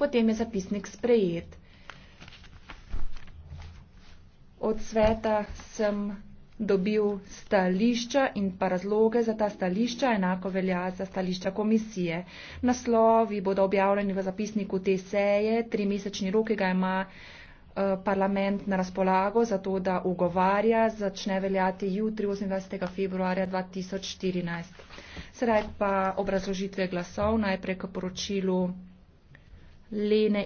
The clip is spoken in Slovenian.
potem je zapisnik sprejet. Od sveta sem dobil stališča in pa razloge za ta stališča, enako velja za stališča komisije. Naslovi bodo objavljeni v zapisniku te seje, tri mesečni roki ga ima eh, parlament na razpolago za to, da ugovarja, začne veljati jutri 28. februarja 2014. Sedaj pa obrazložitve glasov, najprej k poročilu Lene